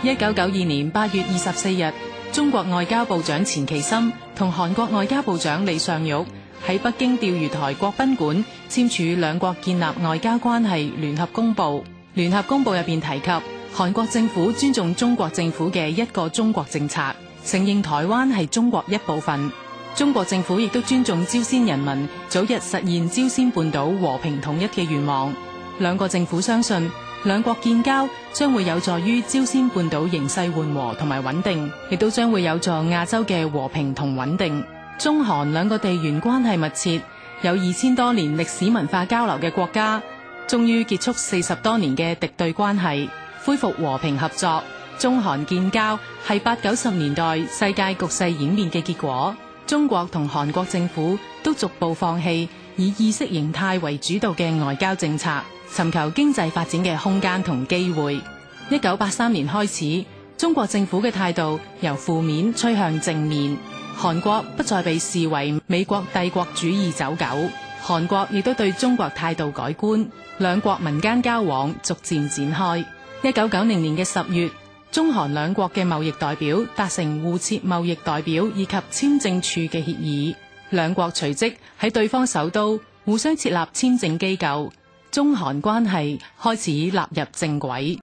一九九二年八月二十四日，中國外交部長錢其琛同韓國外交部長李尚玉喺北京釣魚台國賓館簽署兩國建立外交關係聯合公報。聯合公報入邊提及，韓國政府尊重中國政府嘅一個中國政策，承認台灣係中國一部分。中國政府亦都尊重朝鮮人民早日實現朝鮮半島和平統一嘅願望。兩個政府相信，兩國建交將會有助於朝鮮半島形勢緩和同埋穩定，亦都將會有助亞洲嘅和平同穩定。中韓兩個地緣關係密切、有二千多年歷史文化交流嘅國家，終於結束四十多年嘅敵對關係，恢復和平合作。中韓建交係八九十年代世界局勢演變嘅結果。中國同韓國政府都逐步放棄。以意識形態為主導嘅外交政策，尋求經濟發展嘅空間同機會。一九八三年開始，中國政府嘅態度由負面趨向正面，韓國不再被視為美國帝國主義走狗，韓國亦都對中國態度改觀，兩國民間交往逐漸展開。一九九零年嘅十月，中韓兩國嘅貿易代表達成互設貿易代表以及簽證處嘅協議。兩國隨即喺對方首都互相設立簽證機構，中韓關係開始納入正軌。